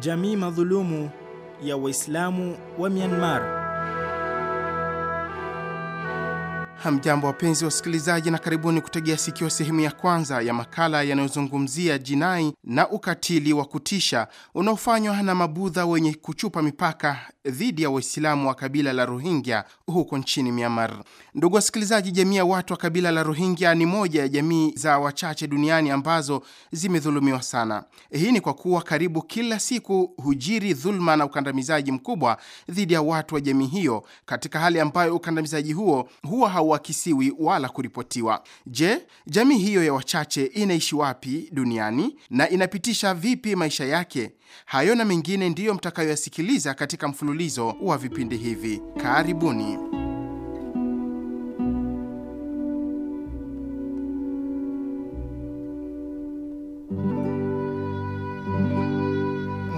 jamii madhulumu ya Waislamu wa Myanmar. Hamjambo, wapenzi wa usikilizaji, na karibuni kutegea sikio sehemu ya kwanza ya makala yanayozungumzia jinai na ukatili wa kutisha unaofanywa na mabudha wenye kuchupa mipaka dhidi ya Waislamu wa kabila la Rohingya huko nchini Myanmar. Ndugu wasikilizaji, jamii ya watu wa kabila la Rohingya ni moja ya jamii za wachache duniani ambazo zimedhulumiwa sana. Hii ni kwa kuwa karibu kila siku hujiri dhuluma na ukandamizaji mkubwa dhidi ya watu wa jamii hiyo, katika hali ambayo ukandamizaji huo huwa hawakisiwi wala kuripotiwa. Je, jamii hiyo ya wachache inaishi wapi duniani na inapitisha vipi maisha yake? Hayo na mengine ndiyo mtakayoyasikiliza katika mfululizo wa vipindi hivi. Karibuni.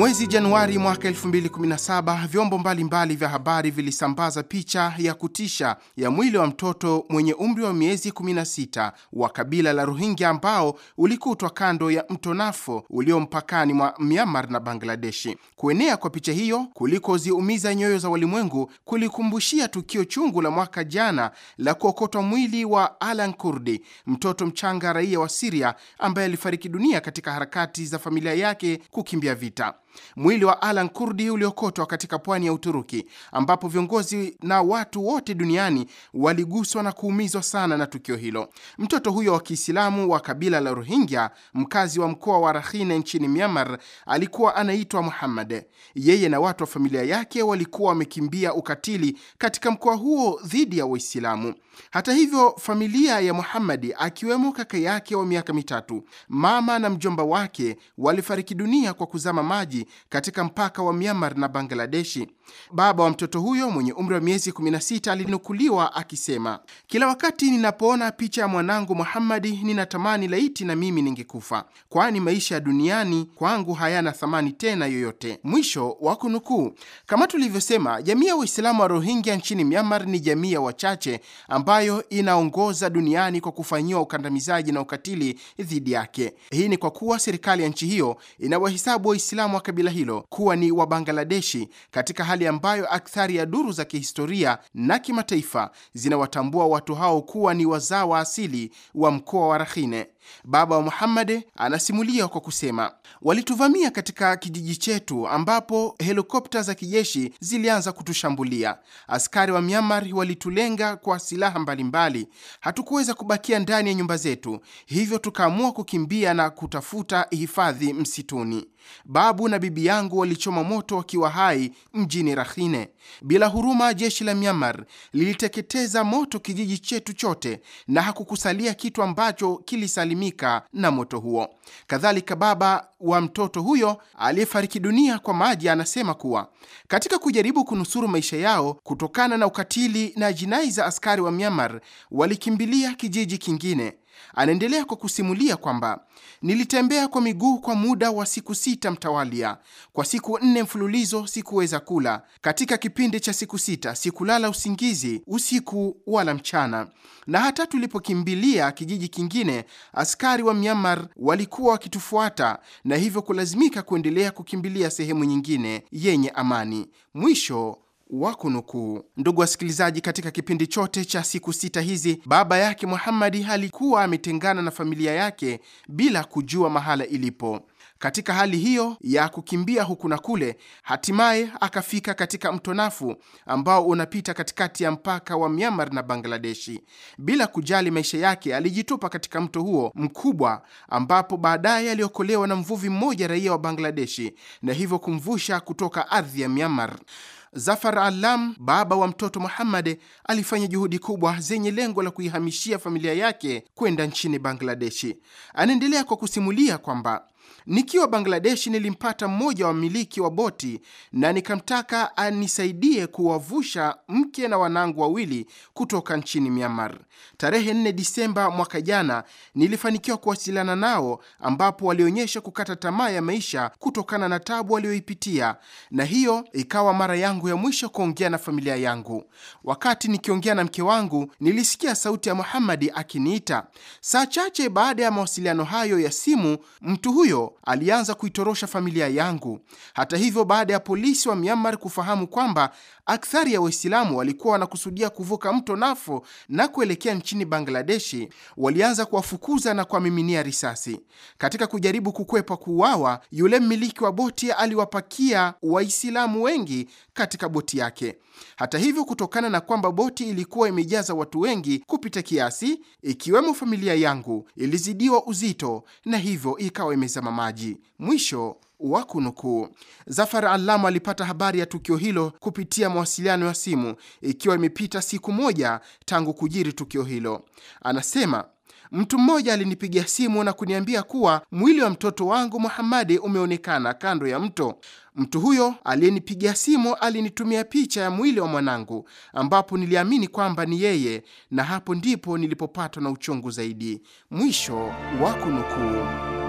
Mwezi Januari mwaka 2017 vyombo mbalimbali mbali vya habari vilisambaza picha ya kutisha ya mwili wa mtoto mwenye umri wa miezi 16 wa kabila la Rohingya ambao ulikutwa kando ya mto Nafo ulio mpakani mwa Myanmar na Bangladeshi. Kuenea kwa picha hiyo kulikoziumiza nyoyo za walimwengu kulikumbushia tukio chungu la mwaka jana la kuokotwa mwili wa Alan Kurdi, mtoto mchanga raia wa Siria ambaye alifariki dunia katika harakati za familia yake kukimbia vita. Mwili wa Alan Kurdi uliokotwa katika pwani ya Uturuki, ambapo viongozi na watu wote duniani waliguswa na kuumizwa sana na tukio hilo. Mtoto huyo wa Kiislamu wa kabila la Rohingya, mkazi wa mkoa wa Rakhine nchini Myanmar, alikuwa anaitwa Muhammad. Yeye na watu wa familia yake walikuwa wamekimbia ukatili katika mkoa huo dhidi ya Waislamu. Hata hivyo, familia ya Muhammadi akiwemo kaka yake wa miaka mitatu, mama na mjomba wake, walifariki dunia kwa kuzama maji maji katika mpaka wa Myanmar na Bangladeshi. Baba wa mtoto huyo mwenye umri wa miezi 16 alinukuliwa akisema, kila wakati ninapoona picha ya mwanangu Muhammadi ninatamani laiti na mimi ningekufa, kwani maisha ya duniani kwangu hayana thamani tena yoyote. Mwisho wa kunukuu. Kama tulivyosema, jamii ya Waislamu wa Rohingya nchini Myanmar ni jamii ya wachache ambayo inaongoza duniani kwa kufanyiwa ukandamizaji na ukatili dhidi yake. Hii ni kwa kuwa serikali ya nchi hiyo inawahesabu Waislamu wa kabila hilo kuwa ni Wabangladeshi, katika hali ambayo akthari ya duru za kihistoria na kimataifa zinawatambua watu hao kuwa ni wazaa wa asili wa mkoa wa Rakhine. Baba wa Muhammad anasimulia kwa kusema, walituvamia katika kijiji chetu ambapo helikopta za kijeshi zilianza kutushambulia. Askari wa Myanmar walitulenga kwa silaha mbalimbali. Hatukuweza kubakia ndani ya nyumba zetu, hivyo tukaamua kukimbia na kutafuta hifadhi msituni. Babu na bibi yangu walichoma moto wakiwa hai mjini Rakhine. Bila huruma, jeshi la Myanmar liliteketeza moto kijiji chetu chote na hakukusalia kitu ambacho kilisalia kusalimika na moto huo. Kadhalika, baba wa mtoto huyo aliyefariki dunia kwa maji anasema kuwa katika kujaribu kunusuru maisha yao kutokana na ukatili na jinai za askari wa Myanmar, walikimbilia kijiji kingine Anaendelea kwa kusimulia kwamba nilitembea kwa miguu kwa muda wa siku sita mtawalia. Kwa siku nne mfululizo sikuweza kula. Katika kipindi cha siku sita sikulala usingizi usiku wala mchana, na hata tulipokimbilia kijiji kingine, askari wa Myanmar walikuwa wakitufuata na hivyo kulazimika kuendelea kukimbilia sehemu nyingine yenye amani. Mwisho wakunukuu Ndugu wasikilizaji, katika kipindi chote cha siku sita hizi baba yake Muhammadi alikuwa ametengana na familia yake bila kujua mahala ilipo. Katika hali hiyo ya kukimbia huku na kule, hatimaye akafika katika mto Nafu ambao unapita katikati ya mpaka wa Myanmar na Bangladeshi. Bila kujali maisha yake, alijitupa katika mto huo mkubwa, ambapo baadaye aliokolewa na mvuvi mmoja raia wa Bangladeshi na hivyo kumvusha kutoka ardhi ya Myanmar. Zafar Alam, baba wa mtoto Muhammad, alifanya juhudi kubwa zenye lengo la kuihamishia familia yake kwenda nchini Bangladeshi. Anaendelea kwa kusimulia kwamba Nikiwa bangladeshi nilimpata mmoja wa mmiliki wa boti na nikamtaka anisaidie kuwavusha mke na wanangu wawili kutoka nchini Myanmar. Tarehe 4 Disemba mwaka jana nilifanikiwa kuwasiliana nao, ambapo walionyesha kukata tamaa ya maisha kutokana na tabu walioipitia, na hiyo ikawa mara yangu ya mwisho kuongea na familia yangu. Wakati nikiongea na mke wangu, nilisikia sauti ya Muhamadi akiniita. Saa chache baada ya mawasiliano hayo ya simu, mtu huyo huyo alianza kuitorosha familia yangu. Hata hivyo, baada ya polisi wa Myanmar kufahamu kwamba akthari ya Waislamu walikuwa wanakusudia kuvuka mto Nafo na kuelekea nchini Bangladeshi, walianza kuwafukuza na kuwamiminia risasi. Katika kujaribu kukwepa kuuawa, yule mmiliki wa boti aliwapakia Waislamu wengi katika boti yake. Hata hivyo, kutokana na kwamba boti ilikuwa imejaza watu wengi kupita kiasi, ikiwemo familia yangu, ilizidiwa uzito na hivyo ikawa imeza kuzama maji. Mwisho wa kunukuu. Zafar Alamu alipata habari ya tukio hilo kupitia mawasiliano ya simu, ikiwa imepita siku moja tangu kujiri tukio hilo. Anasema Mtu mmoja alinipigia simu na kuniambia kuwa mwili wa mtoto wangu Muhamadi umeonekana kando ya mto. Mtu huyo aliyenipigia simu alinitumia picha ya mwili wa mwanangu, ambapo niliamini kwamba ni yeye, na hapo ndipo nilipopatwa na uchungu zaidi. Mwisho wa kunukuu.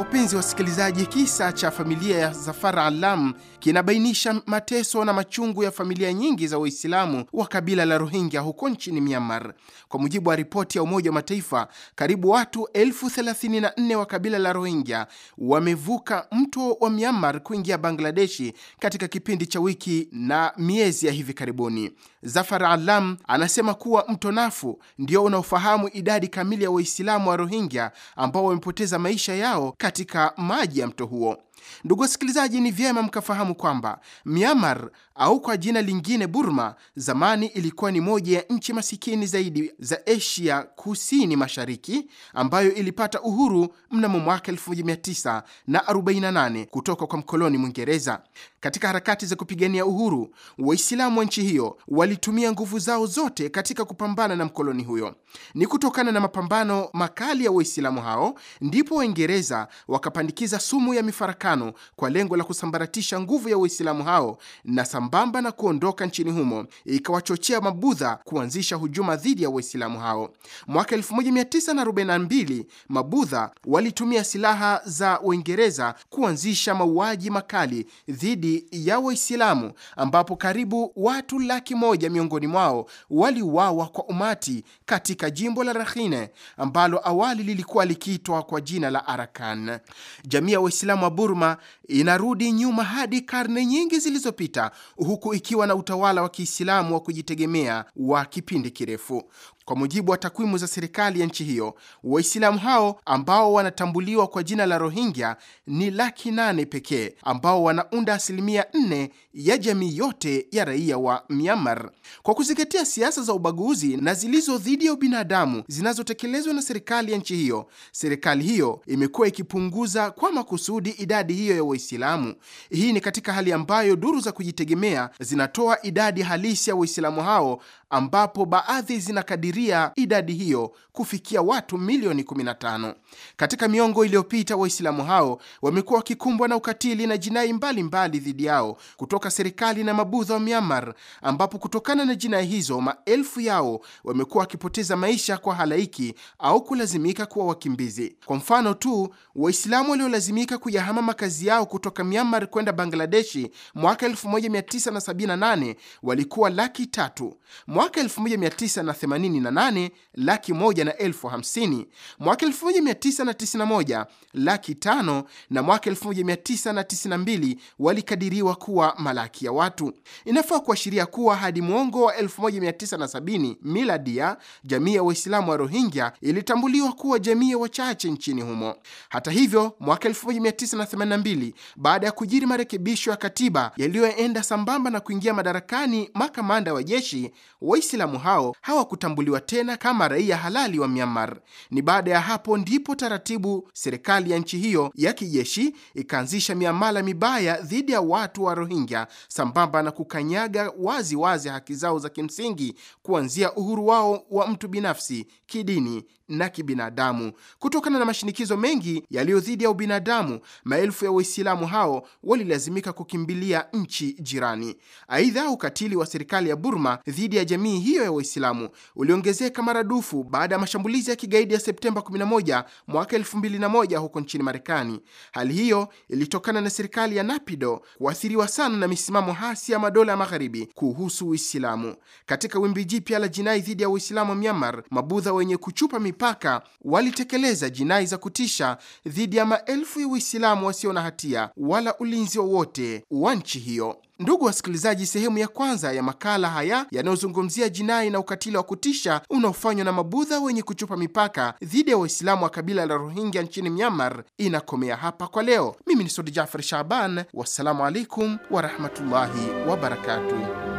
Wapenzi wasikilizaji, kisa cha familia ya Zafar Alam kinabainisha mateso na machungu ya familia nyingi za Waislamu wa kabila la Rohingya huko nchini Myanmar. Kwa mujibu wa ripoti ya Umoja wa Mataifa, karibu watu elfu thelathini na nne wa kabila la Rohingya wamevuka mto wa Myanmar kuingia Bangladeshi katika kipindi cha wiki na miezi ya hivi karibuni. Zafar Alam anasema kuwa mto Nafu ndio unaofahamu idadi kamili ya Waislamu wa Rohingya ambao wamepoteza maisha yao katika maji ya mto huo. Ndugu wasikilizaji, ni vyema mkafahamu kwamba Myanmar au kwa jina lingine Burma zamani ilikuwa ni moja ya nchi masikini zaidi za Asia Kusini Mashariki, ambayo ilipata uhuru mnamo mwaka 1948 kutoka kwa mkoloni Mwingereza. Katika harakati za kupigania uhuru, Waislamu wa nchi hiyo walitumia nguvu zao zote katika kupambana na mkoloni huyo. Ni kutokana na mapambano makali ya Waislamu hao ndipo Waingereza wakapandikiza sumu ya mifarakano tano kwa lengo la kusambaratisha nguvu ya Waislamu hao, na sambamba na kuondoka nchini humo ikawachochea Mabudha kuanzisha hujuma dhidi ya Waislamu hao. Mwaka 1942 Mabudha walitumia silaha za Uingereza kuanzisha mauaji makali dhidi ya Waislamu, ambapo karibu watu laki moja miongoni mwao waliuawa kwa umati katika jimbo la Rakhine ambalo awali lilikuwa likiitwa kwa jina la Arakan. Jamii ya Waislamu wa Burma Roma inarudi nyuma hadi karne nyingi zilizopita, huku ikiwa na utawala wa Kiislamu wa kujitegemea wa kipindi kirefu. Kwa mujibu wa takwimu za serikali ya nchi hiyo, Waislamu hao ambao wanatambuliwa kwa jina la Rohingya ni laki nane pekee, ambao wanaunda asilimia nne ya jamii yote ya raia wa Myanmar. Kwa kuzingatia siasa za ubaguzi na zilizo dhidi ya ubinadamu zinazotekelezwa na serikali ya nchi hiyo, serikali hiyo imekuwa ikipunguza kwa makusudi idadi hiyo ya Waislamu. Hii ni katika hali ambayo duru za kujitegemea zinatoa idadi halisi ya Waislamu hao ambapo baadhi zinakadiri kufikia idadi hiyo kufikia watu milioni 15. Katika miongo iliyopita, Waislamu hao wamekuwa wakikumbwa na ukatili na jinai mbalimbali dhidi yao kutoka serikali na mabudha wa Myanmar, ambapo kutokana na jinai hizo maelfu yao wamekuwa wakipoteza maisha kwa halaiki au kulazimika kuwa wakimbizi. Kwa mfano tu, Waislamu waliolazimika kuyahama makazi yao kutoka Myanmar kwenda Bangladeshi mwaka 1978 walikuwa laki tatu. Mwaka 1980 18 laki moja na elfu hamsini, mwaka 1991 laki tano na mwaka 1992 walikadiriwa kuwa malaki ya watu. Inafaa kuashiria kuwa hadi mwongo wa 1970 miladia, jamii ya Waislamu wa Rohingya ilitambuliwa kuwa jamii ya wachache nchini humo. Hata hivyo, mwaka 1982 baada ya kujiri marekebisho ya katiba yaliyoenda sambamba na kuingia madarakani makamanda wa jeshi, Waislamu hao hawakutambuliwa kutambuliwa tena kama raia halali wa Myanmar. Ni baada ya hapo ndipo taratibu serikali ya nchi hiyo ya kijeshi ikaanzisha miamala mibaya dhidi ya watu wa Rohingya, sambamba na kukanyaga wazi wazi haki zao za kimsingi, kuanzia uhuru wao wa mtu binafsi, kidini na kibinadamu. Kutokana na mashinikizo mengi yaliyo dhidi ya ubinadamu, maelfu ya Waislamu hao walilazimika kukimbilia nchi jirani. Aidha, ukatili wa serikali ya Burma dhidi ya jamii hiyo ya Waislamu uliongezeka maradufu baada ya mashambulizi ya kigaidi ya Septemba 11 mwaka 2001 huko nchini Marekani. Hali hiyo ilitokana na serikali ya Napido kuathiriwa sana na misimamo hasi ya madola ya magharibi kuhusu Uislamu. Katika wimbi jipya la jinai dhidi ya Waislamu wa Myanmar, mabudha wenye kuchupa mipaka walitekeleza jinai za kutisha dhidi ya maelfu ya uislamu wasio na hatia wala ulinzi wowote wa nchi hiyo. Ndugu wasikilizaji, sehemu ya kwanza ya makala haya yanayozungumzia jinai na ukatili wa kutisha unaofanywa na mabudha wenye kuchupa mipaka dhidi ya Waislamu wa kabila la Rohingya nchini Myanmar inakomea hapa kwa leo. Mimi ni Sodi Jafar Shaban, wassalamu alaikum warahmatullahi wabarakatuh.